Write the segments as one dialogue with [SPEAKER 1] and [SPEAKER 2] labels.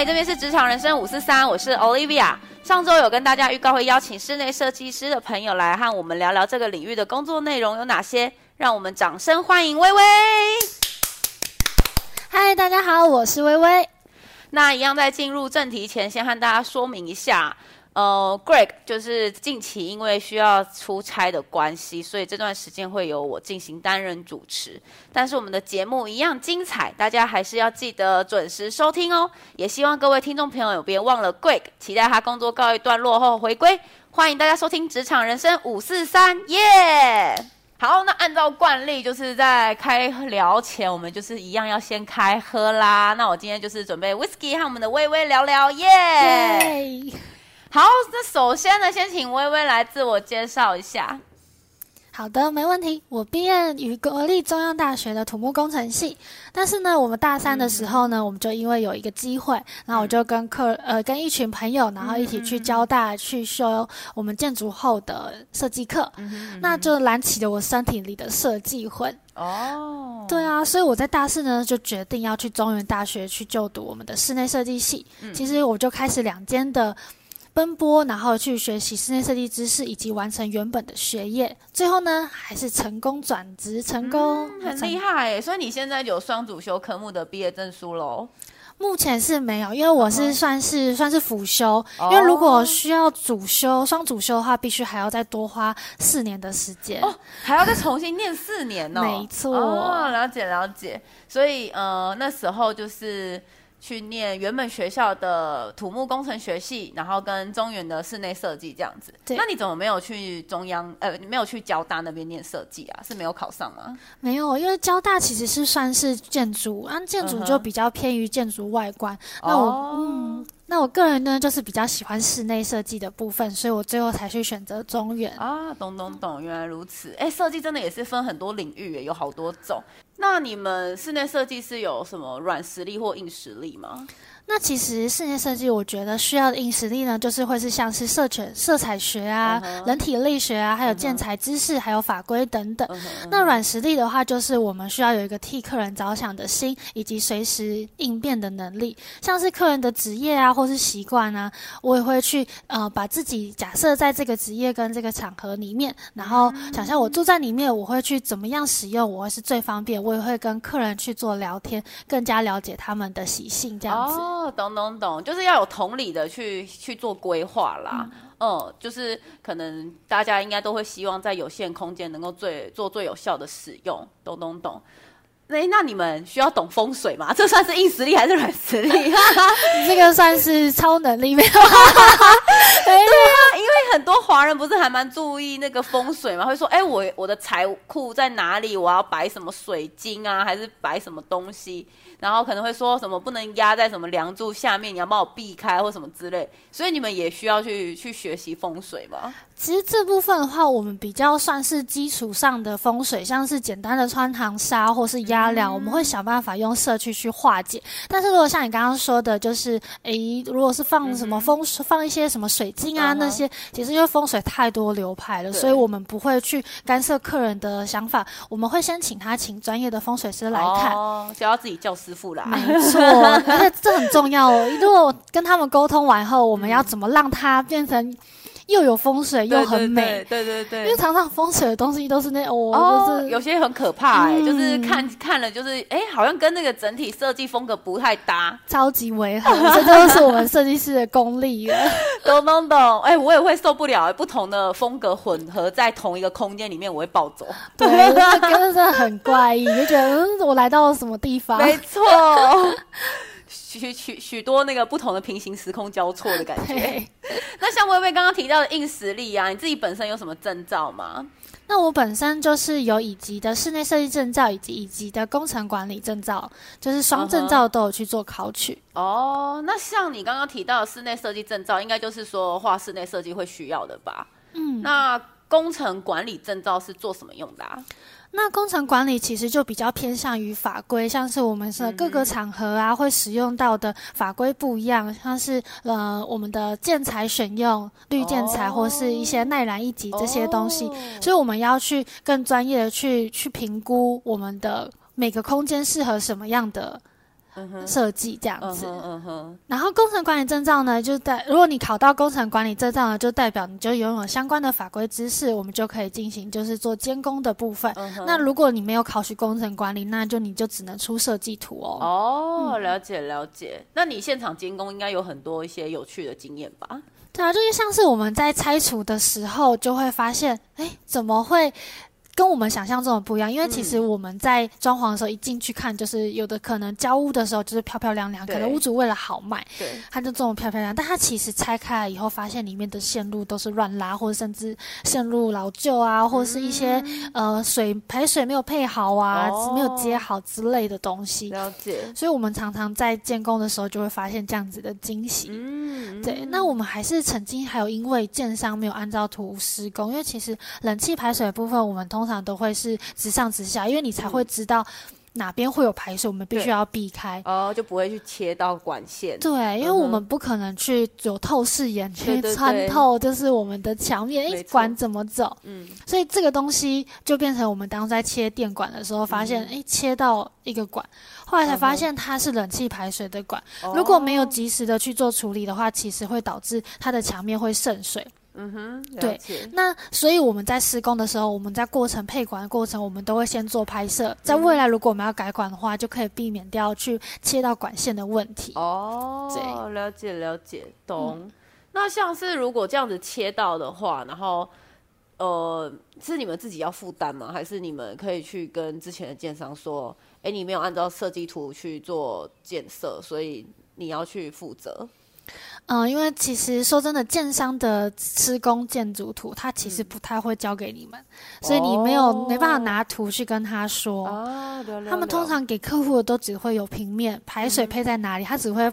[SPEAKER 1] 嗨，這邊是職場人生五四三，我是 Olivia。上週有跟大家預告會邀請室內設計師的朋友來和我們聊聊這個領域的工作內容有哪些，讓我們掌聲歡迎葳葳。嗨，大家好，我是葳葳。那一樣在進入正題前，先和大家說明一下。呃、uh,，Greg 就是近期因為需要出差的關係，所以這段時間會由我進行擔任主持。但是我們的節目一樣精彩，大家還是要記得準時收聽哦。也希望各位聽眾朋友別忘了 Greg，期待他工作告一段落後回歸。歡迎大家收聽《職場人生五四三》，耶！好，那按照慣例，就是在開聊前，我們就是一樣要先開喝啦。那我今天就是準備 Whisky 和我們的葳葳聊聊，耶、yeah!。好，那首先呢，先請葳葳來自我介紹一下。
[SPEAKER 2] 好的，沒問題。我畢業於國立中央大學的土木工程系，但是呢，我們大三的時候呢，我們就因為有一個機會，然後我就跟客、嗯、呃跟一群朋友，然後一起去交大、嗯嗯、去修我們建築後的設計課、嗯嗯嗯，那就燃起了我身體裡的設計魂。哦，對啊，所以我在大四呢就決定要去中原大學去就讀我們的室內設計系。嗯、其實我就開始兩間的。奔波，然後去學習室內設計知識，以及完成原本的學業。最後呢，還是成功轉職成
[SPEAKER 1] 功。嗯，很厲害。所以你現在有雙主修科目的畢業證書嘍？目
[SPEAKER 2] 前是沒有，因為我是算是哦哦算是輔修。因為如果需要主修雙主修的話，必須還要再多花四年的時間哦，
[SPEAKER 1] 還要再重新念四年呢，哦。 沒錯，哦，了解了解。所以呃，那時候就是。去念原本學校的土木工程學系，然後跟中原的室內設計這樣子。那你怎麼沒有去中央？呃，你沒有去交大那邊念設計啊？是沒有考上嗎？
[SPEAKER 2] 沒有，因為交大其實是算是建築，那、啊、建築就比較偏於建築外觀。嗯、那我、哦，
[SPEAKER 1] 嗯，
[SPEAKER 2] 那我個人呢，就是比較喜歡室內設計的部分，所以我最
[SPEAKER 1] 後才去選擇中原。啊，懂懂懂，原來如此。哎，設計真的也是分很多領域，有好多種。那你們室內設計師有什麼軟實力或硬實力嗎？
[SPEAKER 2] 那其實室內設計，我覺得需要的硬實力呢，就是會是像是色彩色彩學啊、uh -huh. 人體力學啊，還有建材知識，uh -huh. 還有法規等等。Uh -huh. 那軟實力的話，就是我們需要有一個替客人着想的心，以及隨時應變的能力。像是客人的職業啊，或是習慣啊，我也會去呃，把自己假設在這個職業跟這個場合裡面，然後想象我住在裡面，我會去怎麼樣使用，我會是最方便。我也會跟客人去做聊天，更加了解他們的習性這樣子。Oh.
[SPEAKER 1] 哦，懂懂懂，就是要有同理的去去做規劃啦。哦、嗯嗯，就是可能大家應該都會希望在有限空間能夠最做最有效的使用，懂懂懂。誒、欸、那你們需要懂風水嗎？這算是硬實力還是軟實力？這 個算是超能力沒有？ 對啊，因為很多華人不是還蠻注意那個風水嗎？會說，哎、欸，我我的財庫在哪裡？我要擺什麼水晶啊，還是擺什麼東西？然後可能會說什麼不能壓在什麼樑柱下面，你要幫我避開或什麼之類。所以你們也需要去去學習風水嗎？
[SPEAKER 2] 其實這部分的話，我們比較算是基礎上的風水，像是簡單的穿堂煞或是壓樑、嗯，我們會想辦法用社區去化解。但是如果像你剛剛說的，就是誒，如果是放什麼風、嗯、放一些什麼水晶啊、哦、那些，其實因為風水太多流派了，所以我們不會去干涉客人的想法，我們會先請他請專業的風水師來看，
[SPEAKER 1] 哦，就要自己叫師傅啦。沒錯，而且
[SPEAKER 2] 這很重要哦。 如果跟他們溝通完後，我們要怎麼讓他變成？又有風水又很美對對對，對對對，因為常常風水的東西都是那哦、就是，有些很可怕、
[SPEAKER 1] 欸，哎、嗯，就是看看了，就是哎、欸，好像跟那個整體設計風格不太搭，
[SPEAKER 2] 超級違和，這都是我們設計師的功力
[SPEAKER 1] 了。懂懂懂，哎、欸，我也會受不了、欸，不同的風格混合在同一個空間裡面，我會暴走，對，
[SPEAKER 2] 那個、真的很怪異， 就覺得我來到了什麼地方，沒
[SPEAKER 1] 錯。 許許許多那個不同的平行時空交錯的感覺。 那像薇薇剛剛提到的硬實力啊，你自己本身有什麼證照嗎？
[SPEAKER 2] 那我本身就是有乙級的室內設計證照，以及乙級的工程管理證照，就是雙證照都有去做考取。
[SPEAKER 1] 哦，uh-huh.，Oh, 那像你剛剛提到的室內設計證照，應該就是說畫室內設計會需要的吧？嗯，那工程管理證照是做什麼用的啊？那工程
[SPEAKER 2] 管理其實就比較偏向於法規，像是我們是各個場合啊、嗯、會使用到的法規不一樣，像是呃我們的建材選用綠建材、哦、或是一些耐燃一級這些東西、哦，所以我們要去更專業的去去評估我們的每個空間適合什麼樣的。
[SPEAKER 1] 設計這樣子，uh -huh, uh
[SPEAKER 2] -huh. 然後工程管理證照呢，就代如果你考到工程管理證照呢，就代表你就擁有相關的法規知識，我們就可以進行就是做監工的部分。Uh -huh. 那如果你沒有考取工程管理，那就你就只能出設計圖哦。
[SPEAKER 1] 哦、oh, 嗯，了解了解。那你現場監工應該有很多一些有趣的經驗吧？
[SPEAKER 2] 對啊，就是像是我們在拆除的時候，就會發現，哎、欸，怎麼會？跟我們想象中的不一樣，因為其實我們在裝潢的時候一進去看、嗯，就是有的可能交屋的時候就是漂漂亮亮，可能屋主為了好賣，對他就這麼漂漂亮亮，但他其實拆開了以後，發現裡面的線路都是亂拉，或者甚至線路老舊啊，或是一些、嗯、呃水排水沒有配好啊，哦、沒有接好之類的東西。了解，所以我們常常在建工的時候就會發現這樣子的驚喜。嗯，對嗯。那我們還是曾經還有因為建商沒有按照圖施工，因為其實冷氣排水部分我們通常通常都會是直上直下，因為你才會知道哪邊會有排水，嗯、我們必須要避開哦，就不會去切到管線。對，嗯、因為我們不可能去有透視眼去穿透，就是我們的牆面，誒，管怎麼走？嗯，所以這個東西就變成我們當初在切電管的時候，嗯、發現誒，切到一個管，後來才發現它是冷氣排水的管。嗯、如果沒有及時的去做處理的話，哦、其實會導致它的牆面會滲水。嗯哼，對，那所以我們在施工的時候，我們在過程配管的過程，我們都會先做拍攝。在未來，如果我們要改管的話、嗯，就可以避免掉去切到管線的問題。
[SPEAKER 1] 哦，了解了解，懂、嗯。那像是如果這樣子切到的話，然後呃，是你們自己要負擔嗎？還是你們可以去跟之前的建商說，哎、欸，你沒有按照設計圖去做建設，所以你要去負責？
[SPEAKER 2] 嗯，因為其實說真的，建商的施工建築圖他其實不太會交給你們，嗯、所以你沒有、哦、沒辦法拿圖去跟他說。啊、了了
[SPEAKER 1] 了他們通常
[SPEAKER 2] 給客戶的都只會有平面、嗯、排水配在哪裡，他只會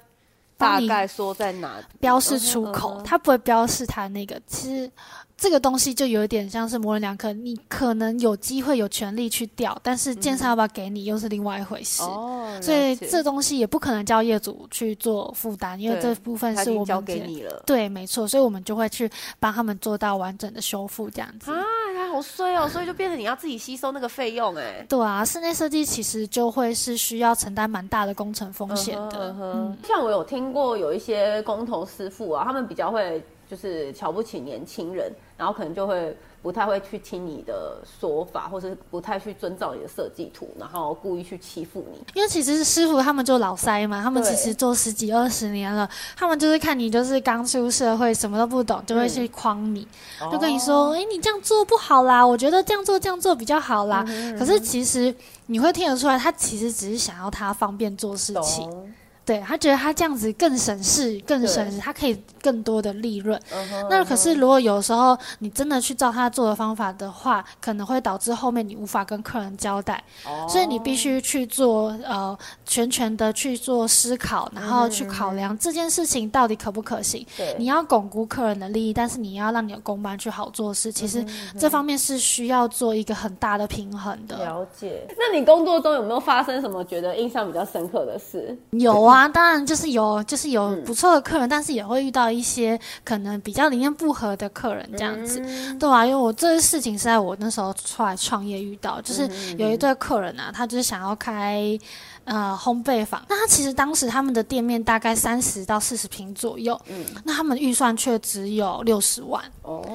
[SPEAKER 1] 大概說在哪裡標
[SPEAKER 2] 示、嗯、出口，他不會標示他那個其實。這個東西就有一點像是模稜兩可，你可能有機會有權利去調，但是建商要不要給你又是另外一回事。哦、嗯 oh,，所以這東西也不可能叫業主去做負擔，因為這部分是我們交給你了。對，沒錯，所以我們就會去幫他們做到完整的修復這樣
[SPEAKER 1] 子。啊它好衰哦、嗯！所以就變成你要自己吸收那個費用哎。
[SPEAKER 2] 對啊，室內設計其實就會是需要承擔蠻大的工程風險的。Uh -huh, uh -huh 嗯、
[SPEAKER 1] 像我有聽過有一些工頭師傅啊，他們比較會就是瞧不起年輕人。然後可能就會不太會去聽你的說法，或是不太去遵照你的設計圖，然後故意去欺負你。因
[SPEAKER 2] 為其實是師傅他們就老塞嘛，他們其實做十幾二十年了，他們就是看你就是剛出社會什麼都不懂，就會去誆你，嗯、就跟你說、哦：“誒，你這樣做不好啦，我覺得這樣做這樣做比較好啦。嗯嗯”可是其實你會聽得出來，他其實只是想要他方便做事情。對，他覺得他這樣子更省事，更省事，他可以更多的利潤。Uh -huh, uh -huh. 那可是如果有時候你真的去照他做的方法的話，可能會導致後面你無法跟客人交代。Oh. 所以你必須去做呃全權的去做思考，然後去考量，uh -huh. 這件事情到底可不可行。Uh -huh. 對，你要鞏固客人的利益，但是你要讓你的工班去好做事。其實這方面是需要做一個很大的平衡的。Uh -huh. 了
[SPEAKER 1] 解。那你工作中有沒有發生什麼覺得印象比較深刻的事？
[SPEAKER 2] 有啊。啊，當然就是有，就是有不錯的客人、嗯，但是也會遇到一些可能比較理念不合的客人，這樣子，嗯、對吧、啊？因為我這個事情是在我那時候出來創業遇到，就是有一對客人吶、啊，他就是想要開。呃，烘焙坊，那他其實當時他們的店面大概三十到四十平左右、嗯，那他們預算卻只有六十萬，哦，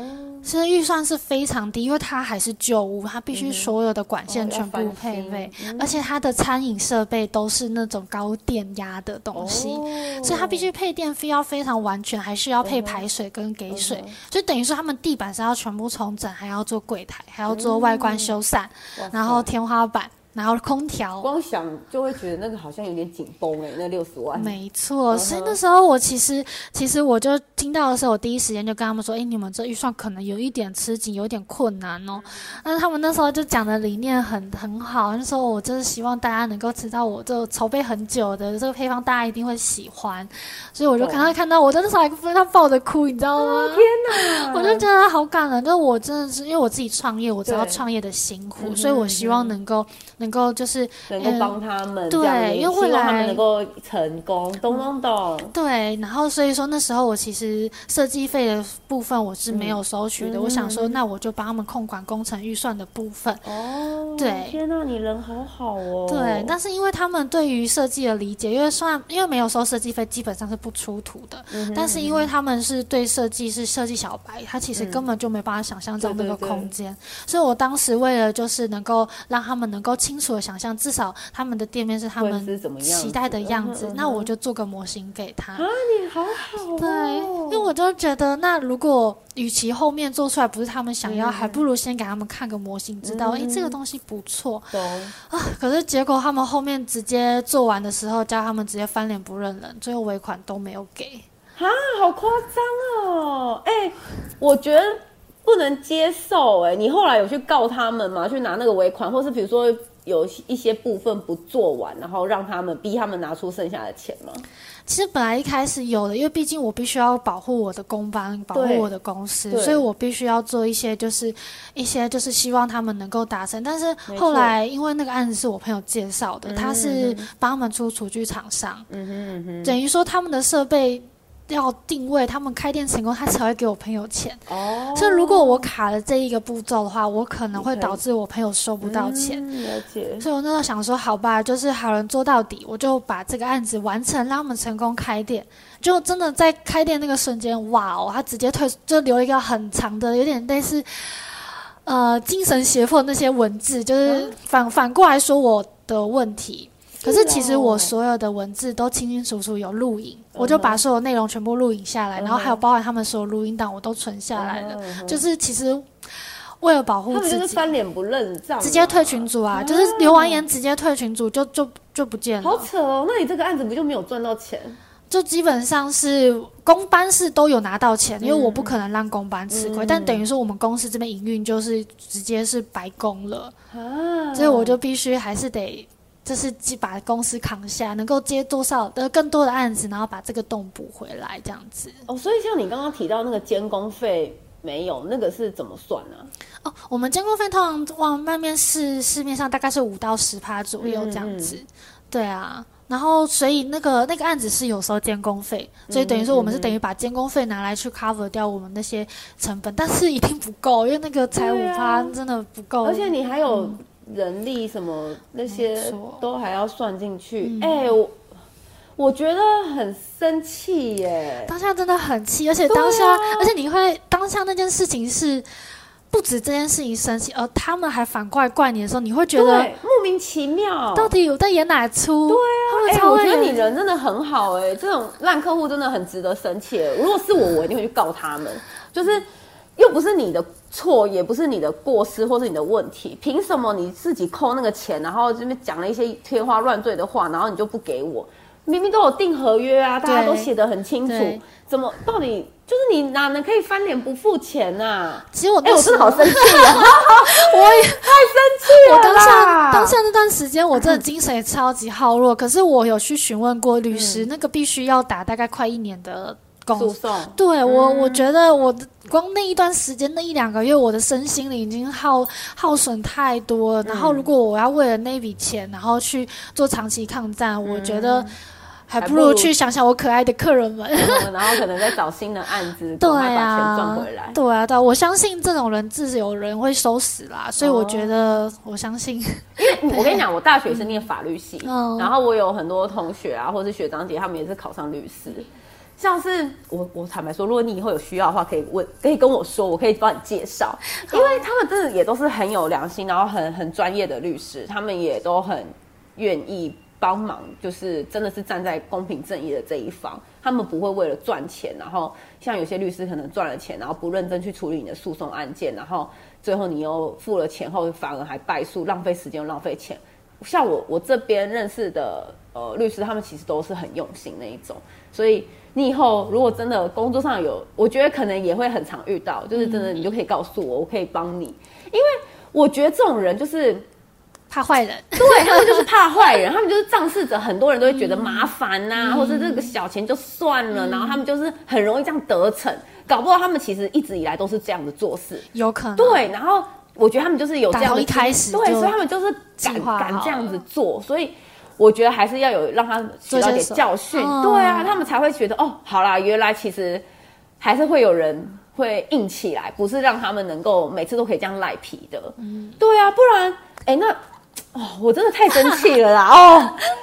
[SPEAKER 2] 所以預算是非常低，因為它還是舊屋，它必須所有的管線全部配備，嗯哦、而且它的餐飲設備都是那種高電壓的東西，哦、所以它必須配電費要非常完全，還需要配排水跟給水，所、嗯、以、嗯、等於說他們地板是要全部重整，還要做櫃台，還要做外觀修繕，嗯，然後天花板。
[SPEAKER 1] 然後空調，光想就會覺得那個好像有點緊繃誒，那六十萬沒錯，所以那
[SPEAKER 2] 時候我其實其實我就聽到的時候，我第一時間就跟他們說，誒，你們這預算可能有一點吃緊，有一點困難哦。但是他們那時候就講的理念很很好，那時候我真是希望大家能夠知道我這籌備很久的這個配方，大家一定會喜歡。所以我就剛剛看到我，我真的在他抱着哭，你知道嗎？哦、天哪，我就覺得他好感動。那我真的是因為我自己創業，我知道創業的辛苦，所以我希望能夠。能夠就是能夠幫他們、嗯、對，因為未來他們能夠
[SPEAKER 1] 成功，懂懂懂。
[SPEAKER 2] 對，然後所以說那時候我其實設計費的部分我是沒有收取的，嗯、我想說，那我就幫他們控管工程預算的部分。
[SPEAKER 1] 哦，對。天吶，你人好好哦。對，但
[SPEAKER 2] 是因為他們對於設計的理解，因為算因為沒有收設計費，基本上是不出圖的、嗯。但是因為他們是對設計是設計小白，他其實根本就沒辦法想象到這個空間、嗯對對對。所以我當時為了就是能夠讓他們能夠。清楚的想象，至少他們的店面是他們期待的樣子，那我就做個模型給他。啊，你好好、哦。對，因為我就覺得，那如果與其後面做出來不是他們想要、嗯，還不如先給他們看個模型，知道哎、嗯嗯欸，這個東西不錯。懂啊，可是結果他們後面直接做完的時候，叫他們直接翻臉不認人，最後尾
[SPEAKER 1] 款都沒有給。啊，好誇張哦！哎、欸，我覺得不能接受、欸。哎，你後來有去告他們嗎？去拿那個尾款，或是比如說？有一些部分不做完，然後讓他們逼他們拿出剩下的錢嗎？其實
[SPEAKER 2] 本來一開始有的，因為畢竟我必須要保護我的工班，保護我的公司，所以我必須要做一些，就是一些就是希望他們能夠達成。但是後來因為那個案子是我朋友介紹的，嗯嗯嗯他是幫他們出廚具廠商，
[SPEAKER 1] 嗯嗯嗯嗯，等
[SPEAKER 2] 於說他們的設備。要定位他們開店成功，他才會給我朋友錢。哦，所以如果我卡了這一個步驟的話，我可能會導致我朋友收不到錢。嗯、嗯，了解。所以我那時候想說，好吧，就是好人做到底，我就把這個案子完成，讓他們成功開店。就真的在開店那個瞬間，哇哦，他直接退，就留一個很長的，有點類似，呃，精神脅迫的那些文字，就是反、嗯、反過來說我的問題。可是其實我所有的文字都清清楚楚有錄影、嗯，我就把所有內容全部錄影下來、嗯，然後還有包含他們所有錄音檔我都存下來了、嗯。就是其實為了保護自己，他們就是翻臉
[SPEAKER 1] 不認賬，直接退
[SPEAKER 2] 群組啊，嗯、就是留完言直接退群組就就就，就不見了。好
[SPEAKER 1] 扯哦，那你這個案子不就沒有賺到錢？
[SPEAKER 2] 就基本上是工班是都有拿到錢，嗯、因為我不可能讓工班吃虧、嗯，但等於說我們公司這邊營運就是直接是白工了、
[SPEAKER 1] 嗯、所以我
[SPEAKER 2] 就必須還是得。就是把公司扛下，能夠接多少的更多的案子，然後
[SPEAKER 1] 把這個洞補回來，這樣子。哦，所以像你剛剛提到那個監工費沒有，那個是怎麼算呢、啊？
[SPEAKER 2] 哦，我們監工費通常往外面是市面上大概是五到十趴左右這樣，嗯嗯嗯這樣子。對啊，然後所以那個那個案子是有收監工費，所以等於說我們是等於把監工費拿來去 cover 掉我們那些成本，嗯嗯嗯但是
[SPEAKER 1] 一定不夠，因為那個才五趴真的不夠、啊嗯，而且你還有。人力什麼那些都還要算進去，哎、嗯欸，我我覺得很生氣耶。當下真的很氣，而且當下，啊、而且你會當下那件事情
[SPEAKER 2] 是不止這件事情生氣，而他們還反過來怪你的時候，你會覺得
[SPEAKER 1] 莫名其妙，到底有在演哪出？對啊他們會，欸，我覺得你人真的很好哎，這種爛客戶真的很值得生氣，嗯。如果是我，我一定會去告他們，就是又不是你的。錯也不是你的過失或是你的問題，憑什麼你自己扣那個錢，然後這邊講了一些天花亂墜的話，然後你就不給我？明明都有訂合約啊，大家都寫得很清楚，怎麼到底就是你哪能可以翻臉不付錢啊？其實我哎，我真的好生氣啊！ 好好我也 太生
[SPEAKER 2] 氣了。我當下當下那段時間，我真的精神也超級耗弱。可是我有去詢問過律師，嗯、那個必須要打大概快一年的。訴訟對、嗯、我，我覺得我光那一段時間那一兩個月，我的身心裡已經耗耗損太多了、嗯。然後如果我要為了那筆錢，然後去做長期抗戰，嗯、我覺得還不如去想想我可愛的客人們。 然後可
[SPEAKER 1] 能再找新的案子我，對啊，把錢賺回
[SPEAKER 2] 來。對啊，對，啊對啊，我相信這種人自己有人會收拾啦、哦。所以我覺得，我相信，因、
[SPEAKER 1] 哦、為 我跟你講，我大學是念法律系，嗯、然後我有很多同學啊，或是學長姐，他們也是考上律師。像是我，我坦白說，如果你以後有需要的話，可以問，可以跟我說，我可以幫你介紹，因為他們真的也都是很有良心，然後很很專業的律師，他們也都很願意幫忙，就是真的是站在公平正義的這一方，他們不會為了賺錢，然後像有些律師可能賺了錢，然後不認真去處理你的訴訟案件，然後最後你又付了錢後反而還敗訴，浪費時間，浪費錢。像我我這邊認識的呃律師，他們其實都是很用心那一種，所以。你以後如果真的工作上有，我覺得可能也會很常遇到，就是真的你就可以告訴我、嗯，我可以幫你，因為我覺得這種人就是怕壞人，對 他們就是怕壞人，他們就是仗勢者，很多人都會覺得麻煩吶、啊嗯，或者是這個小錢就算了、嗯，然後他們就是很容易這樣得逞，嗯、搞不好他們其實一直以來都是這樣子做事，有可能對，然後我覺得他們就是有這樣一開始對，所以他們就是敢敢這樣子做，所以。我覺得還是要有讓他受到點教訓，對，對啊、嗯，他們才會覺得哦，好啦，原來其實還是會有人會硬起來，不是讓他們能夠每次都可以這樣賴皮的，嗯，對啊，不然，哎、欸，那哦，我真的太生氣了啦， 哦，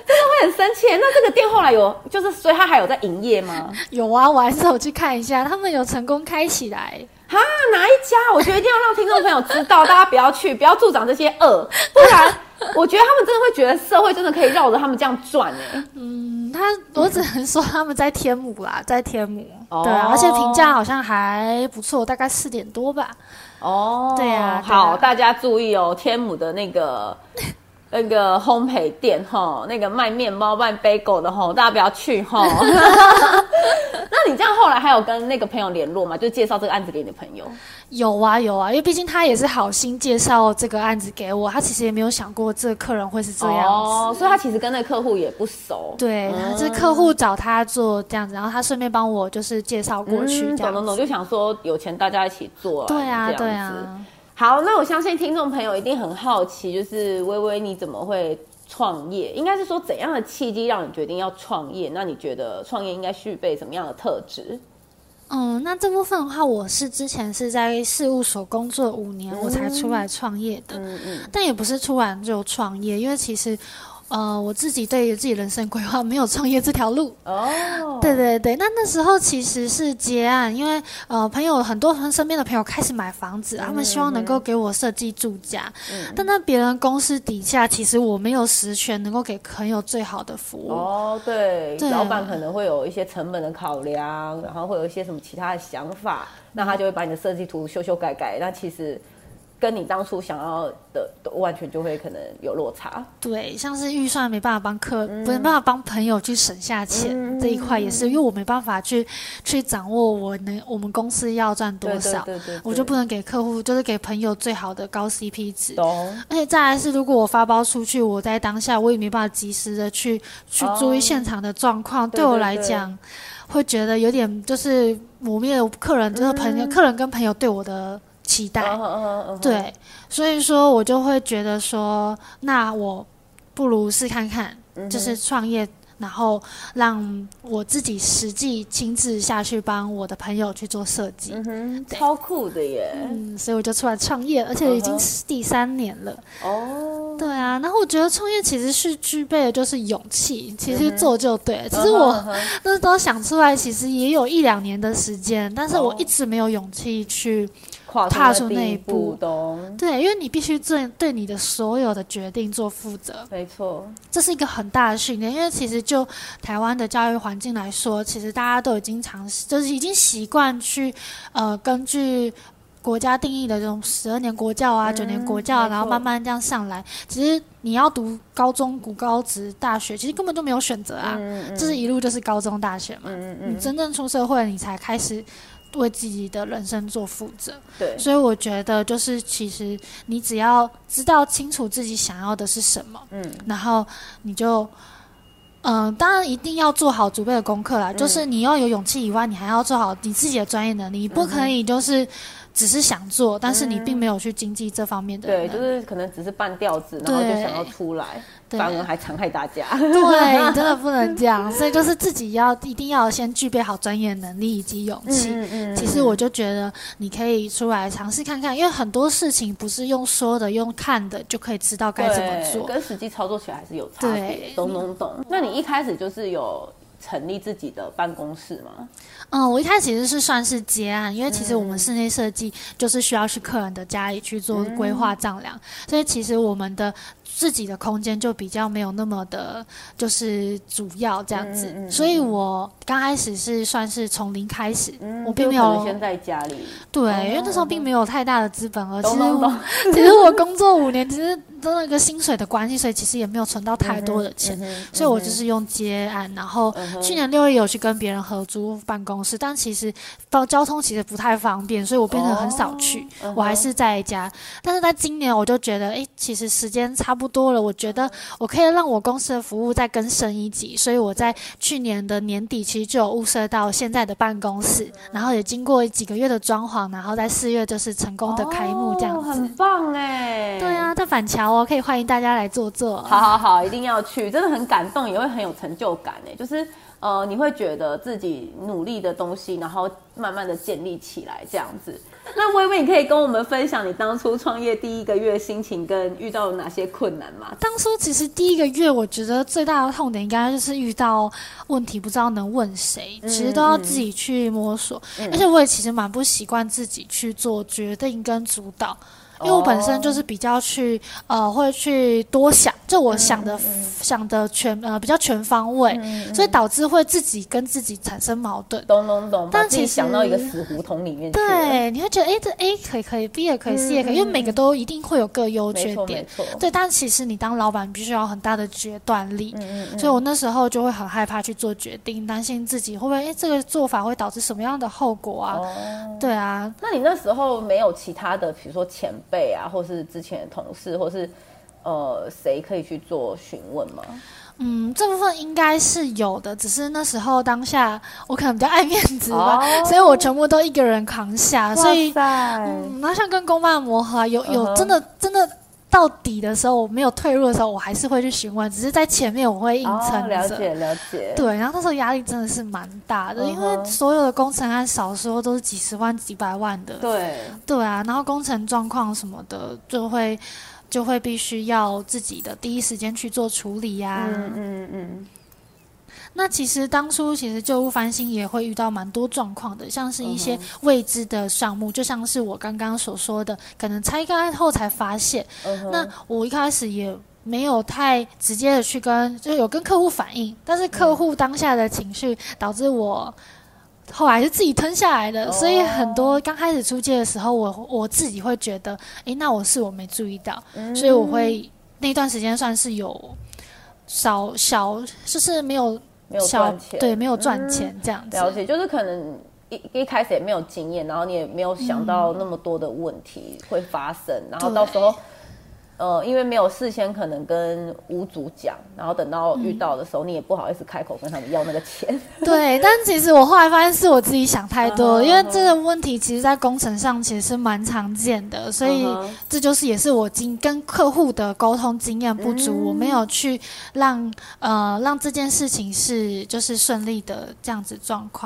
[SPEAKER 1] 真的會很生氣。那這個店後來有就是，所以他還有在營業嗎？有啊，我還是有去看一下，他們有成功開起來。啊，哪一家？我覺得一定要讓聽眾朋友知道， 大家不要去，不要助長這些惡、呃，不然。 我覺得他們真的會覺得社會真的可以繞着他們這樣轉哎、欸。嗯，他我只能說他們在
[SPEAKER 2] 天母啦，在天母。嗯、對、啊哦，而且評價好像還不錯，大概四點多吧。
[SPEAKER 1] 哦，對啊。對啊。好，大家注意哦，天母的那個。 那個烘焙店齁，那個賣麵包賣 bagel 的齁，大家不要去齁。齁 那你這樣後來還有跟那個朋友聯絡嗎？就介紹這個案子給你的朋友？
[SPEAKER 2] 有啊有啊，因為畢竟他也是好心介紹這個案子給我，他其實也沒有想過這個客人會是這樣子，哦、所以
[SPEAKER 1] 他其實跟那個客戶也不熟。對，嗯、就是客
[SPEAKER 2] 戶找他做這樣子，然後他順便幫我就是
[SPEAKER 1] 介紹過去，這樣子，嗯種種種，就想說有錢大家一起做，啊對啊。對啊，對啊。好，那我相信聽眾朋友一定很好奇，就是葳葳你怎麼會創業？應該是說怎樣的契機讓你決定要創業？那你覺得創業應該具備什麼樣的特質？
[SPEAKER 2] 嗯，那這部分的話，我是之前是在事務所工作五年，我才出來創業的。嗯嗯，嗯，但也不是突然就創業，因為其實。呃，我自己對於自己人生規劃沒有創業這條路。
[SPEAKER 1] 哦、oh.，
[SPEAKER 2] 對對對，那那時候其實是接案，因為呃，朋友很多，身邊的朋友開始買房子，mm -hmm. 他們希望能夠給我設計住家。嗯、mm -hmm.，但在別人公司底下，其實我沒有實權，能夠給朋友最好的服務。哦、oh,，
[SPEAKER 1] 對，老闆可能會有一些成本的考量，然後會有一些什麼其他的想法，那他就會把你的設計圖修修改改。那其實。跟你當初想要的都完全就會可能有落差。
[SPEAKER 2] 對，像是預算沒辦法幫客，不、嗯、沒辦法幫朋友去省下錢、嗯、這一塊也是，因為我沒辦法去去掌握我能我們公司要賺多少，對對對對對對，我就不能給客戶，就是給朋友最好的高 CP 值。而且再來是，如果我發包出去，我在當下我也沒辦法及時的去去注意現場的狀況、哦，對我來講，會覺得有點就是磨滅了客人，就是朋友、嗯，客人跟朋友對我的期待，uh -huh, uh
[SPEAKER 1] -huh, uh -huh. 對，
[SPEAKER 2] 所以說我就會覺得說，那我不如試看看，uh -huh. 就是創業，然後讓我自己實際親自下去幫我的朋友去做設計、uh -huh,，超酷的耶！嗯，所以我就出來創業，而且已經是第三年了。哦、uh -huh.，oh. 對啊，然後我覺得創業其實是具備的就是勇氣，其實做就對。Uh -huh. Uh -huh, uh -huh. 其實我那時候想出來，其實也有一兩年的時間，但是我一直沒有勇氣去。跨出那一步，跨一步，對，因為你必須對對，你的所有的決定做負責。沒錯，這是一個很大的訓練。因為其實就台灣的教育環境來說，其實大家都已經常就是已經習慣去呃根據國家定義的這種十二年國教啊、九、嗯、年國教，然後慢慢這樣上來。其實你要讀高中、讀高職、大學，其實根本就沒有選擇啊，嗯、就是一路就是高中大學嘛。嗯、你真正出社會，你才開始。為自己的人生做負責，對，所以我覺得就是，其實你只要知道清楚自己想要的是什麼，嗯，然後你就，嗯，當然一定要做好準備的功課啦、嗯，就是你要有勇氣以外，你還要做好你自己的專業能力，嗯、你不可以就是。嗯只是想做，但是你並沒有去經濟這方面的能力、嗯。對，就
[SPEAKER 1] 是可能只是半吊子，然後就想要出來，反而還傷害大家。對， 你真
[SPEAKER 2] 的不能這樣。所以就是自己要一定要先具備好專業能力以及勇氣。嗯嗯。其實我就覺得你可以出來嘗試看看，因為很多事情不是用說的、用看的就可以知道該怎麼做，跟
[SPEAKER 1] 實際操作起來還是有差別。懂懂懂。那你一開始就是有成立自己的辦公室嗎？
[SPEAKER 2] 嗯，我一開始其實是算是接案，因為其實我們室內設計就是需要去客人的家裡去做規劃丈量、嗯，所以其實我們的自己的空間就比較沒有那麼的，就是主要這樣子。嗯嗯嗯、所以我剛開始是算是從零開始、嗯，我並沒有先在家裡對、嗯，因為那時候並沒有太大的資本額、嗯。其實我其實我工作五年， 其實。的那個薪水的關係，所以其實也沒有存到太多的錢，嗯、所以我就是用接案。嗯、然後去年六月有去跟別人合租辦公室，嗯、但其實方交通其實不太方便，所以我變得很少去，哦、我還是在家。嗯、但是在今年，我就覺得，哎、欸，其實時間差不多了，我覺得我可以讓我公司的服務再更升一級，所以我在去年的年底其實就有物色到現在的辦公室，然後也經過幾個月的裝潢，然後在四月就是成功的開幕，這樣子。哦、很棒哎！對啊，在板橋我、哦、可以歡迎大家來坐坐。好，好，好，好、
[SPEAKER 1] 嗯，一定要去，真的很感動，也會很有成就感。哎，就是呃，你會覺得自己努力的東西，然後慢慢的建立起來，這樣子。那葳葳，你可以跟我們分享你當初創業第一個月心情，跟遇到哪些困難嗎？當初
[SPEAKER 2] 其實第一個月，我覺得最大的痛點應該就是遇到問題不知道能問誰，嗯，其實都要自己去摸索。嗯、而且我也其實蠻不習慣自己去做決定跟主導。因為我本身就是比較去，oh. 呃，會去多想，就我想的嗯嗯嗯想的全，呃，比較全方位嗯嗯嗯，所以導致會自己跟自己產生矛盾。
[SPEAKER 1] 懂懂懂，但其實把自己想到一個死胡同裡面去了。
[SPEAKER 2] 對，你會覺得，哎、欸，這 A 可以，可以，B 也可以，C 也可以嗯嗯嗯，因為每個都一定會有各優缺點沒錯沒錯。對，但其實你當老板，必須要很大的決斷力。嗯，嗯，嗯所以我那時候就會很害怕去做決定，擔心自己會不會，哎、欸，這個做法會導致什麼樣的後果啊？Oh. 對啊。
[SPEAKER 1] 那你那時候沒有其他的，比如說錢。輩啊，或是之前的同事，或是呃，誰可以去做詢問嗎？
[SPEAKER 2] 嗯，這部分應該是有的，只是那時候當下我可能比較愛面子吧、哦，所以我全部都一個人扛下。所以，嗯，那像跟工班磨合、啊，有有真的、嗯、真的。到底的時候，我沒有退路的時候，我還是會去詢問，只是在前面我會硬撐着、哦。了解，了解。對，然後那時候壓力真的是蠻大的，uh -huh. 因為所有的工程案少的時候都是幾十萬、幾百萬的。對。對啊，然後工程狀況什麼的，就會就會必須要自己的第一時間去做處理呀、啊。嗯嗯嗯。嗯。那其實當初其實舊屋翻新也會遇到蠻多狀況的，像是一些未知的項目，uh -huh. 就像是我剛剛所說的，可能拆開後才發現。Uh -huh. 那我一開始也沒有太直接的去跟，就有跟客戶反映，但是客戶當下的情緒導致我後來是自己吞下來的。Oh. 所以很多剛開始出借的時候，我我自己會覺得，哎、欸，那我是我沒注意到，uh -huh. 所以我會那段時間算是有少少，就是沒有。
[SPEAKER 1] 沒有賺錢，對，沒有賺錢、嗯、這樣子。了解，就是可能一一開始也沒有經驗，然後你也沒有想到那麼多的問題會發生，嗯、然後到時候。呃，因為沒有事先可能跟屋主講，然後等到遇到的時候，嗯、你也不好意思開口跟他們要那個錢。
[SPEAKER 2] 對， 但其實我後來發現是我自己想太多，uh -huh, 因為這個問題其實在工程上其實是蠻常見的，所以這就是也是我經跟客戶的溝通經驗不足，uh -huh. 我沒有去讓呃讓這件事情是就是順利的這樣子狀況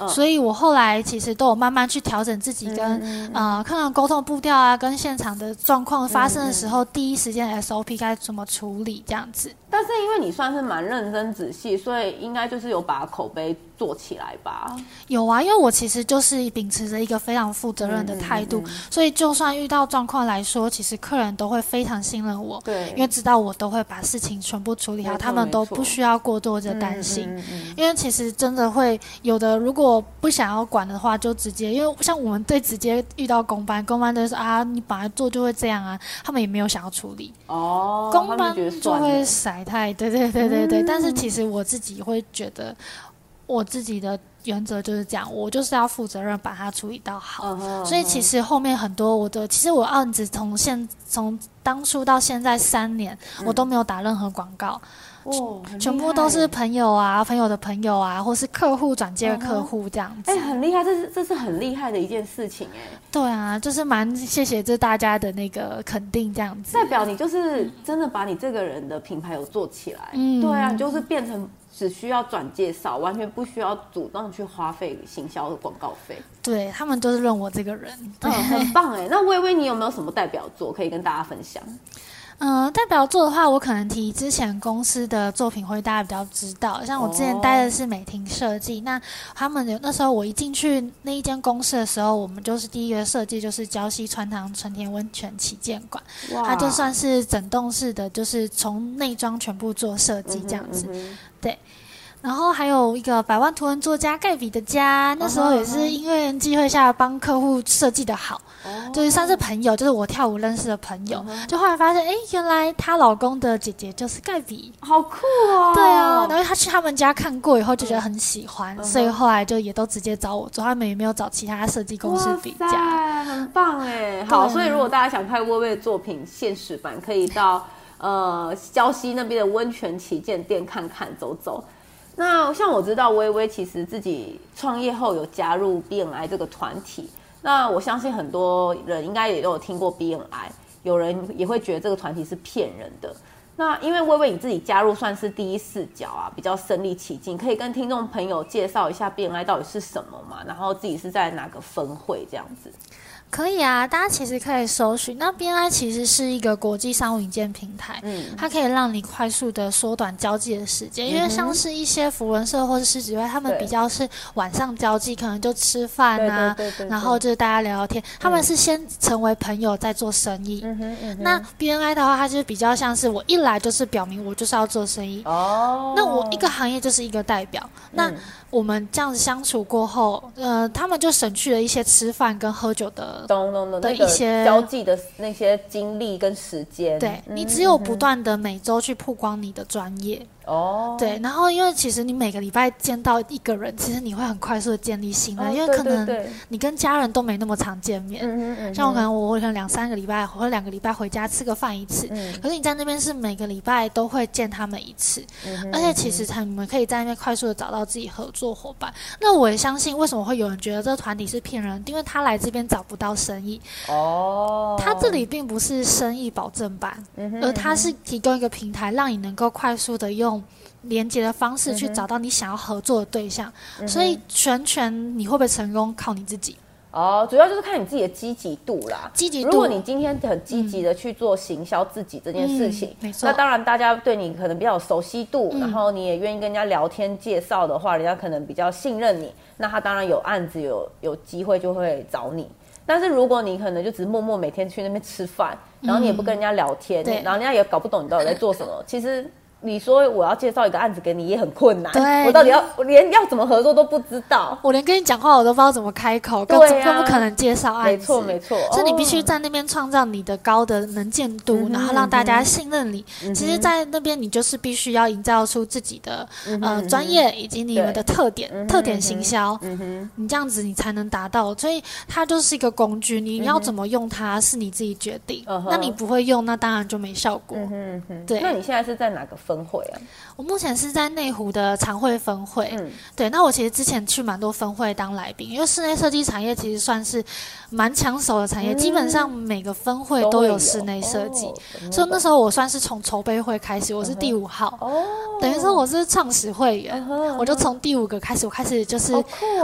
[SPEAKER 2] ，uh -huh. 所以我後來其實都有慢慢去調整自己跟、uh -huh. 呃看看溝通步調啊，跟現場的狀況發生的時候。Uh -huh. 第一時間的 SOP 該怎麼處理這
[SPEAKER 1] 樣子？但是因為你算是蠻認真仔細，所以應該就是有把口碑，做起來吧，
[SPEAKER 2] 有啊，因為我其實就是秉持着一個非常負責任的態度嗯嗯嗯嗯，所以就算遇到狀況來說，其實客人都會非常信任我，對，因為知道我都會把事情全部處理好，他們都不需要過多的擔心嗯嗯嗯嗯，因為其實真的會有的，如果不想要管的話，就直接，因為像我們對直接遇到工班，工班就是啊，你本來做就會這樣啊，他們也沒有想要處理哦，工班就會甩態對對對對對，對，對，嗯，但是其實我自己會覺得。我自己的原則就是這樣，我就是要負責任把它處理到好。Uh -huh, uh -huh. 所以其實後面很多我的，其實我案子，從現從當初到現在三年，uh -huh. 我都沒有打任何廣告。
[SPEAKER 1] 哦，全部都是朋
[SPEAKER 2] 友啊，朋友的朋友啊，或是客戶轉介客戶這
[SPEAKER 1] 樣子。哎、嗯欸，很厲害，這是這是很厲害的一件事情哎、欸。
[SPEAKER 2] 對啊，就是蠻謝謝這大家的那個肯定這樣子，代表你
[SPEAKER 1] 就是真的把你這個人的品牌有做起來。嗯，對啊，你就是變成只需要轉介紹，少完全不需要主動去花費行銷的廣告費。
[SPEAKER 2] 對他們都是認我這個人，嗯，很
[SPEAKER 1] 棒哎、欸。那葳葳，你有沒有什麼代表作可以跟大家分享？
[SPEAKER 2] 嗯，代表作的話，我可能提之前公司的作品會大家比較知道，像我之前待的是美亭設計，oh. 那他們有那時候我一進去那一間公司的時候，我們就是第一個設計就是礁溪川湯春天溫泉旗艦館，wow. 它就算是整棟式的就是從內裝全部做設計這樣子，mm -hmm, mm -hmm. 對。然後還有一個百萬圖文作家蓋比的家，那時候也是因為機會下來幫客戶設計的好，uh -huh. 就是算是朋友，就是我跳舞認識的朋友，uh -huh. 就後來發現，哎，原來她老公的姐姐就是蓋比，好酷哦。對啊，然後她去他們家看過以後就覺得很喜歡，uh -huh. 所以後來就也都直接找我做，他們也沒有找其他設計公司比價，uh -huh.
[SPEAKER 1] 很棒哎！好，所以如果大家想拍葳葳的作品現實版，可以到呃礁溪那邊的溫泉旗艦店看看走走。那像我知道葳葳其實自己創業後有加入 BNI 這個團體，那我相信很多人應該也都有聽過 BNI，有人也會覺得這個團體是騙人的。那因為葳葳你自己加入算是第一視角啊，比較身臨其境，可以跟聽眾朋友介紹一下 BNI 到底是什麼嘛？然後自己是在哪個分會這樣子。可以啊，大家
[SPEAKER 2] 其實可以搜尋，那 BNI 其實是一個國際商務引薦平台，嗯，它可以讓你快速的縮短交際的時間，嗯、因為像是一些扶輪社或是獅子會，他們比較是晚上交際，可能就吃飯啊，對對對對對，然後就是大家聊聊天、嗯，他們是先成為朋友再做生意。嗯哼嗯哼，那 BNI 的話，它就是比較像是我一來就是表明我就是要做生意，哦，那我一個行業就是一個代表，嗯、那我們這樣子相處過後，嗯、呃，他們就省去了一些吃飯跟喝酒的
[SPEAKER 1] 等等等等的一些交際的那些精力跟時間，對，你只有不
[SPEAKER 2] 斷的每周去曝光你的專業。嗯嗯嗯
[SPEAKER 1] 哦、oh,，對，
[SPEAKER 2] 然後因為其實你每個禮拜見到一個人，其實你會很快速的建立信任，oh, 因為可能你跟家人都沒那麼常見面，oh, 對對對，像我可能我，我可能兩三個禮拜或者兩個禮拜回家吃個飯一次，oh. 可是你在那邊是每個禮拜都會見他們一次，oh. 而且其實才你們可以在那邊快速的找到自己合作夥伴。那我也相信，為什麼會有人覺得這個團體是騙人，因為他來這邊找不到生意。哦、oh.，他這裡並不是生意保證版，oh. 而他是提供一個平台，讓你能夠快速的用。連接的方式去找到你想要合作的對象，嗯、所以
[SPEAKER 1] 全權你會不會成功靠你自己？哦，主要就是看你自己的積極度啦。積極度，如果你今天很積極的去做行銷自己這件事情，嗯嗯沒錯，那當然大家對你可能比較熟悉度，嗯，然後你也願意跟人家聊天介紹的話，嗯，人家可能比較信任你，那他當然有案子有有機會就會找你。但是如果你可能就只是默默每天去那邊吃飯，然後你也不跟人家聊天，嗯，然後人家也搞不懂你到底在做什麼， 其實。你說我要介紹一個案子給你也很困難，對我到底要我連要怎麼合作都不知
[SPEAKER 2] 道，我連跟你講話我都不知道怎麼開口，更更、啊、不可能介紹案子。沒錯沒錯，所以你必須在那邊創造你的高的能見度、哦，然後讓大家信任你。嗯嗯、其實，在那邊你就是必須要營造出自己的、嗯、呃、嗯、專業以及你們的特點、嗯、特點行銷。嗯哼，你這樣子你才能達到，所以它就是一個工具，你要怎麼用它是你自己決定。嗯哼、那你不會用，那當然就沒效果。嗯哼，對。那你現在是在哪
[SPEAKER 1] 個？分會
[SPEAKER 2] 啊，我目前是在內湖的常會分會、嗯。對，那我其實之前去蠻多分會當來賓，因為室內設計產業其實算是蠻搶手的產業，嗯、基本上每個分會都有室內設計所、哦。所以那時候我算是從籌備會開始，我是第五號，嗯、等於說我是創始會員、嗯，我就從第五個開始，我開始就是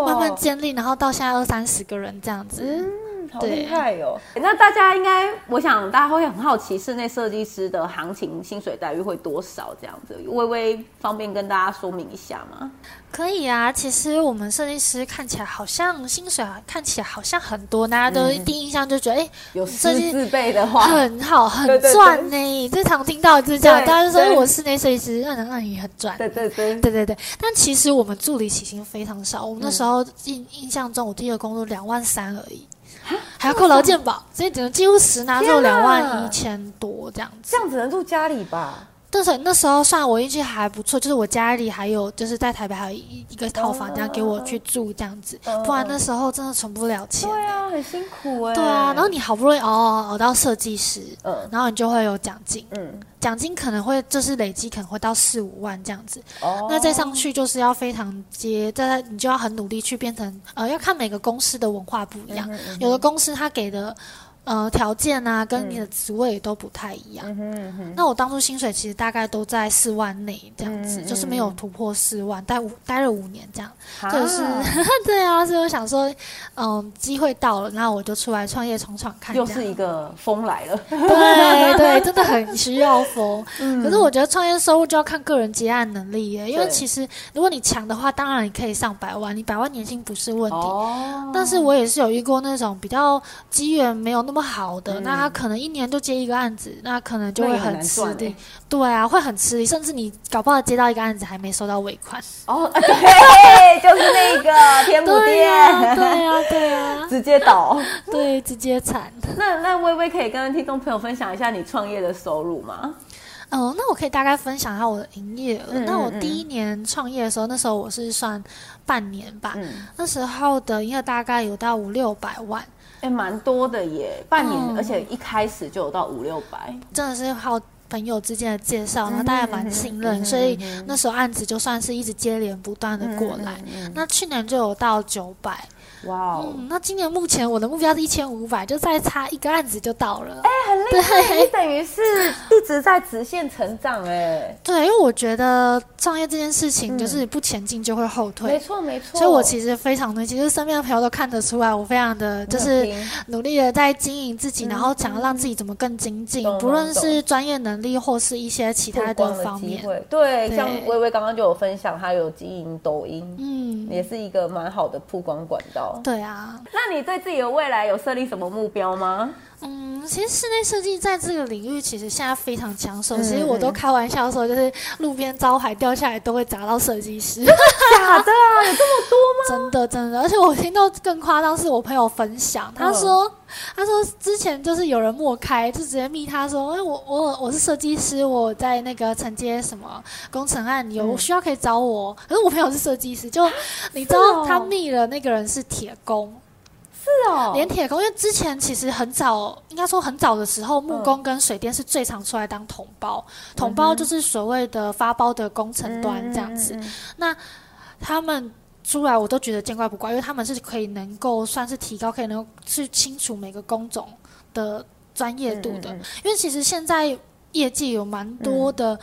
[SPEAKER 1] 慢慢建立，哦、然後到現在二三十個人這樣子。好厲害、哦對欸、那大家應該，我想大家會很好奇室內設計師的行情、薪水待遇會多少？這樣子，微微方便跟大家說明一下嗎？可以啊，其實我們
[SPEAKER 2] 設計師看起來好像薪水、啊、看起來好像很多，大家都第一印象就覺得，哎、欸嗯，有設計自備的話很好很賺呢、欸。最常聽到就是講，大家都說我室，我室內設計師，那能讓你很賺。對對對，對對對。但其實我們助理起薪非常少，我們那時候印印象中，我第一個工作兩萬三而已。還要扣勞健保，所以只能幾乎實拿只有兩萬一千多這樣子，這樣子能住家裡吧？對，那時候算我運氣還不錯，就是我家裡還有，就是在台北還有一一個套房，這樣給我去住這樣子，uh, uh, 不然那時候真的存不了錢、欸。對啊，很辛苦哎、欸。對啊，然後你好不容易熬熬、oh, oh, oh, 到設計師，嗯、uh,，然後你就會有獎金，嗯，獎金可能會就是累積，可能會到四五萬這樣子。哦、oh,，那再上去就是要非常接，再你就要很努力去變成，呃，要看每個公司的文化不一樣，mm-hmm. 有的公司他給的。呃，條件啊，跟你的職位都不太一樣、嗯。那我當初薪水其實大概都在四萬內這樣子、嗯，就是沒有突破四萬，待五待了五年這樣。就是 對啊，所以我想說，嗯、呃，機會到了，那我就出來創業闖闖看。又是一個風來了， 對對，真的很需要風。 可是我覺得創業收入就要看個人接案能力耶，嗯、因為其實如果你強的話，當然你可以上百萬，你百萬年薪不是問題。哦、但是我也是有遇過那種比較機緣沒有那。不好的，那他可能一年就接一個案子，那可能就會很吃力。對啊，會很吃力，甚至你搞不好接到一個案子還沒收到尾款。哦，對、
[SPEAKER 1] okay, 就是那個天母店，對啊，對啊，對啊 直接倒，對，直接慘。嗯、那那葳葳可以跟聽眾朋友分享一下你創業的收入嗎？哦、嗯，那我可以大概
[SPEAKER 2] 分享一下我的營業額、嗯。那我第一年創業的時候，嗯、那時候我是算半年吧，嗯、那時候的營業額大概有到五六百萬。哎、欸，蠻多的耶，半年、嗯，而且
[SPEAKER 1] 一開始就有到五六百，
[SPEAKER 2] 真的是靠朋友之間的介紹，然後大家蠻信任，所以那時候案子就算是一直接連不斷的過來、嗯嗯嗯嗯，那去年就有到九百。哇、wow、哦、嗯，那今年目前我的目標是一千五百，就再差一個案子就到了。
[SPEAKER 1] 哎、欸，很厲害，你等於是一直在直線成長哎。
[SPEAKER 2] 對，因為我覺得創業這件事情就是不前進就會後退，嗯、沒錯沒錯。所以我其實非常努力，其實身邊的朋友都看得出來，我非常的就是努力的在經營自己，然後想要讓自己怎麼更精進，不論是專業能力或是一些其他的、的方面的對。對，像葳
[SPEAKER 1] 葳剛剛就有分享，她有經營抖音，嗯，也是一個蠻好的曝光管道。對啊，那你對自己的未來有設立什麼目標嗎？
[SPEAKER 2] 嗯，其實室內設計在這個領域，其實現在非常搶手、嗯。其實我都開玩笑說，就是路邊招牌掉下來都會砸到設計師。 假的啊，有 這麼多嗎？真的真的，而且我聽到更誇張，是我朋友分享、嗯，他說，他說之前就是有人默開，就直接密他說，哎、欸、我我我是設計師，我在那個承接什麼工程案，有需要可以找我。嗯、可是我朋友是設計師，就、哦、你知道他密了那個人是鐵工。是哦，連鐵工，因為之前其實很早，應該說很早的時候，木工跟水電是最常出來當統包，嗯，統包就是所謂的發包的工程端這樣子。嗯嗯嗯，那他們出來，我都覺得見怪不怪，因為他們是可以能夠算是提高，可以能夠去清楚每個工種的專業度的。嗯嗯嗯。因為其實現在業界有蠻多的。嗯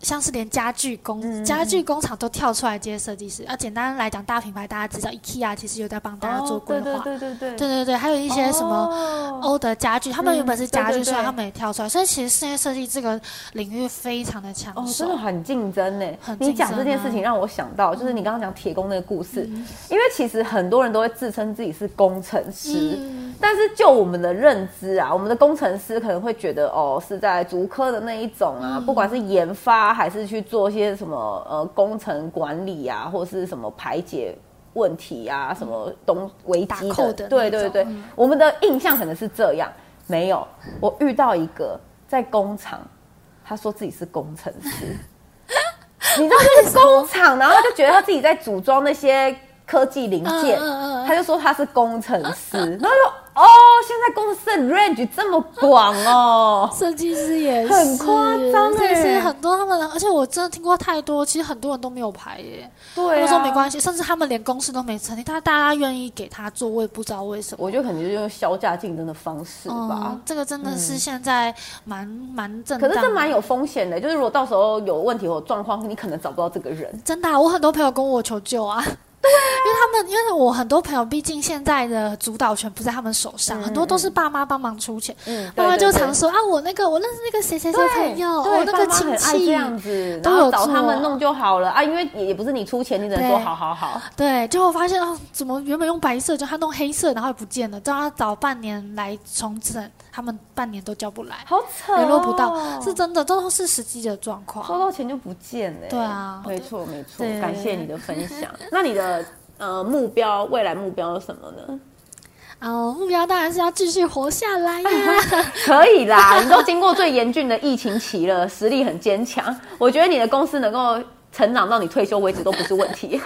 [SPEAKER 2] 像是連家具工家具工廠都跳出來接設計師、嗯、啊！簡單來講，大品牌大家知道，IKEA 其實有在幫大家做規劃、哦。對對對對對對，對，對，對還有一些什麼
[SPEAKER 1] 歐德家具，哦、他們原本來是家具、嗯對對對，所以他們也跳出來。所以其實室內設計這個領域非常的搶手、哦、真的很競爭呢、欸啊。你講這件事情讓我想到，就是你剛剛講鐵工那個故事、嗯，因為其實很多人都會自稱自己是工程師。嗯但是就我們的認知啊，我們的工程師可能會覺得哦，是在竹科的那一種啊，嗯、不管是研發、啊、還是去做一些什麼呃工程管理啊，或者是什麼排解問題啊，嗯、什麼東危機的，扣的，對對對、嗯、我們的印象可能是這樣。沒有，我遇到一個在工廠，他說自己是工程師， 你知道這是工廠，然後他就覺得他自己在組裝那些。科技零件、嗯嗯嗯，他就說他是工程師，嗯嗯、然後就哦，現在公司的 range 這麼廣哦、喔，設計師也是，很誇張哎，很
[SPEAKER 2] 多他們，而且我真的聽過太多，其實很多人都沒有牌耶、欸，對、啊，我說沒關係，甚至他們連公司都沒成立，但大家願意給他座位，不知道為什麼，我覺得可能就用削價競爭的方
[SPEAKER 1] 式吧、嗯，這個真的是現在蠻蠻正常，可是這蠻有風險的、嗯，就是如果到時候有問題或狀況，你可能找不到這個人，真的、啊，我很多朋友跟我求救啊。
[SPEAKER 2] 對啊、因為他們，因為我很多朋友，畢竟現在的主導權不是在他們手上、嗯，很多都是爸媽幫忙出錢。嗯，爸媽就常說、嗯、對對對啊，我那個，我認識那個誰誰誰朋友，對，我、哦，那個親戚，愛這樣子，
[SPEAKER 1] 然後找他們弄就好了啊。因為也不是你出錢，你只能說好好好。
[SPEAKER 2] 對，最後發現哦，怎麼原本用白色，就他弄黑色，然後也不見了，這樣他找半年來重整。他們半年都交不來，好慘、哦，聯絡不到，是真的，這都是實際的狀
[SPEAKER 1] 況，收到錢就不見了、欸。對啊，沒錯沒錯，感謝你的分享。那你的呃目標，未來目標有什麼呢？哦，目標當然是要繼續活下來。 可以啦，你都經過最嚴峻的疫情期了， 實力很堅強。我覺得你的公司能夠成長到你退休為止都不是問題。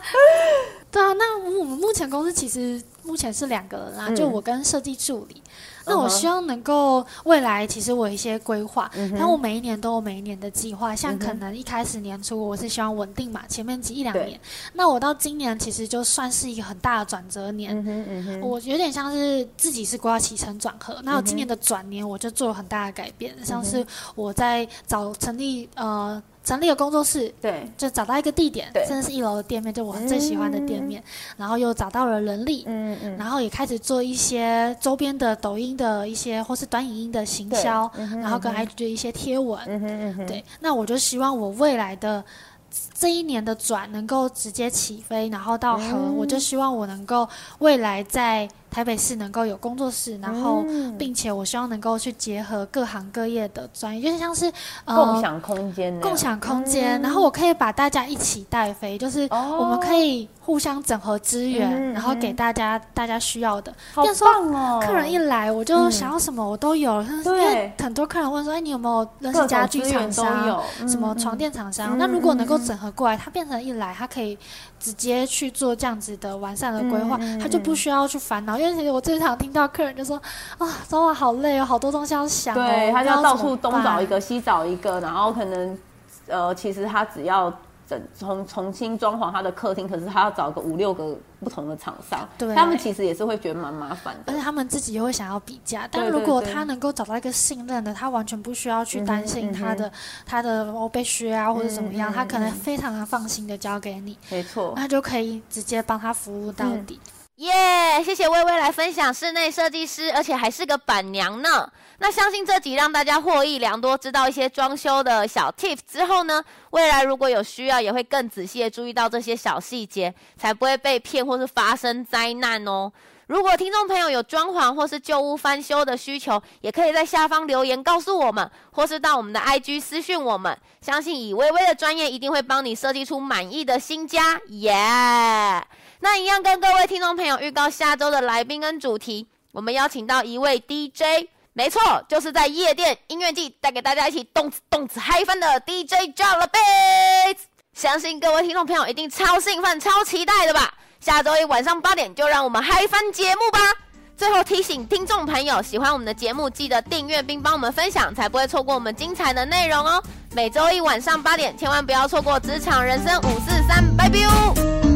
[SPEAKER 2] 對啊，那我們目前公司其實目前是兩個人啦、嗯。就我跟設計助理。那我希望能夠未來，其實我有一些規劃，那、uh -huh. 我每一年都有每一年的計劃。Uh -huh. 像可能一開始年初，我是希望穩定嘛，uh -huh. 前面幾一兩年。那我到今年其實就算是一個很大的轉折年，uh -huh. Uh -huh. 我有點像是自己是國家起承轉合。Uh -huh. 那我今年的轉年，我就做了很大的改變，uh -huh. 像是我在找成立呃。成立了工作室，對，就找到一個地點，對，甚至是一樓的店面，就我很最喜歡的店面，嗯，然後又找到了人力，嗯嗯，然後也開始做一些周邊的抖音的一些或是短影音的行銷，嗯嗯，然後跟 IG 的一些貼文，嗯嗯嗯嗯，對，那我就希望我未來的這一年的轉能夠直接起飛，然後到和，嗯，我就希望我能夠未來在。台北市能夠有工作室，然後、嗯、並且我希望能夠去結合各行各業的專業，就是像是呃、共享空
[SPEAKER 1] 間，共享
[SPEAKER 2] 空間、嗯，然後我可以把大家一起帶飛，就是我們可以互相整合資源、嗯，然後給大家、嗯、大家需要的。嗯、變成
[SPEAKER 1] 說、好棒哦、客人一來，我就想
[SPEAKER 2] 要什麼我都有，嗯、因為很多客人問說：“哎、嗯欸，你有沒有認識家具廠商、嗯，什麼床墊廠商、嗯嗯，那如果能夠整合過來，它變成一來，它可以。直接去做這樣子的完善的規劃、嗯，他就不需要去煩惱、嗯，因為其實我最常聽到客人就說：“啊，早晚好累哦，好多東西要想、哦、對，他就要到處東找一個
[SPEAKER 1] 西找一個，然後可能，呃，其實他只要。整重重新裝潢他的客廳，可是他要找個五六個不同的廠商，對，他們其實也是會覺得蠻麻煩的，
[SPEAKER 2] 而且他們自己又會想要比價。但如果他能夠找到一個信任的，他完全不需要去擔心他的對對對他的，、嗯、他的哦被需啊或者怎麼樣、嗯，他可能非常的放心的交給你，
[SPEAKER 1] 沒錯，那
[SPEAKER 2] 就可以直
[SPEAKER 1] 接幫他服務到底。嗯耶、yeah,！謝謝葳葳來分享室內設計師，而且還是個板娘呢。那相信這集讓大家獲益良多，知道一些裝修的小 tips 之後呢，未來如果有需要，也會更仔細的注意到這些小細節，才不會被騙或是發生災難哦。如果聽眾朋友有裝潢或是舊屋翻修的需求，也可以在下方留言告訴我們，或是到我們的 IG 私訊我們。相信以葳葳的專業，一定會幫你設計出滿意的新家。耶、yeah!！那一樣跟各位聽眾朋友預告下周的來賓跟主題，我們邀請到一位 DJ，沒錯，就是在夜店音樂季帶給大家一起動次動次嗨翻的 DJ Jolabae。相信各位聽眾朋友一定超興奮、超期待的吧？下周一晚上八點，就讓我們嗨翻節目吧！最後提醒聽眾朋友，喜歡我們的節目，記得訂閱並幫我們分享，才不會錯過我們精彩的內容哦。每周一晚上八點，千萬不要錯過《職場人生五四三》。拜拜！